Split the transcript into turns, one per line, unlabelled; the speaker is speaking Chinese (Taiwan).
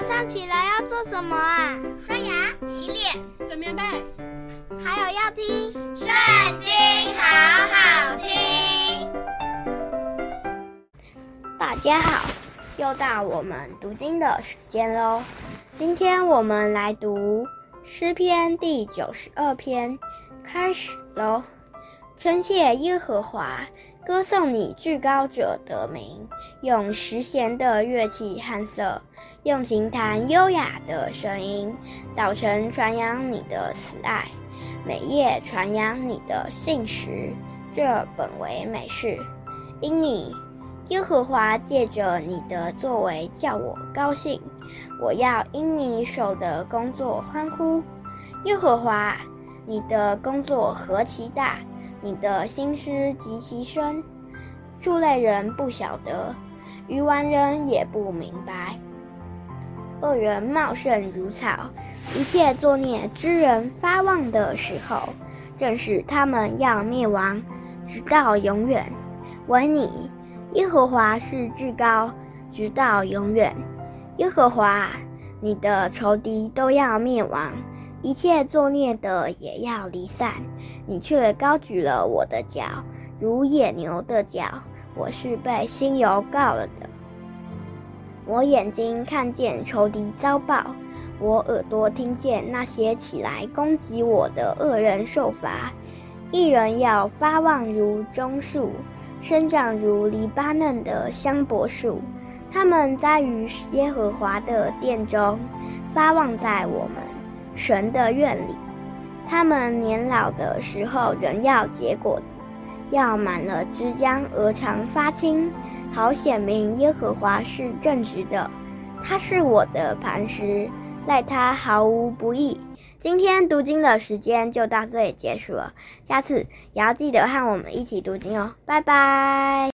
早上起來要做什麼啊？刷牙、洗臉、整棉被，還有要聽《聖經》，好好聽。大家好，又到我們讀經的時間嘍。今天我們來讀《詩篇》第九十二篇，開始嘍。稱謝耶和華，歌頌你至高者的名。用十絃的樂器和瑟，用琴彈幽雅的聲音。早晨傳揚你的慈愛，每夜傳揚你的信實。這本為美事，因你，耶和華借着你的作為叫我高興。我要因你手的工作歡呼。耶和華，你的工作何其大！你的心思極其深，畜類人不曉得，愚頑人也不明白。惡人茂盛如草，一切作孽之人發旺的時候，正是他們要滅亡，直到永遠。唯你，耶和華是至高，直到永遠。耶和華，你的仇敵都要滅亡。一切作孽的也要離散，你卻高舉了我的角，如野牛的角。我是被新油膏了的。我眼睛看見仇敵遭報，我耳朵聽見那些起來攻擊我的惡人受罰。義人要發旺如棕樹，生長如黎巴嫩的香柏樹。他們栽於耶和華的殿中，發旺在我們。神的院裡，他們年老的時候仍要結果子，要滿了汁漿而常發青，好顯明耶和華是正直的。他是我的磐石，在他毫無不義。今天讀經的時間就到這裡結束了，下次也要記得和我們一起讀經哦，拜拜。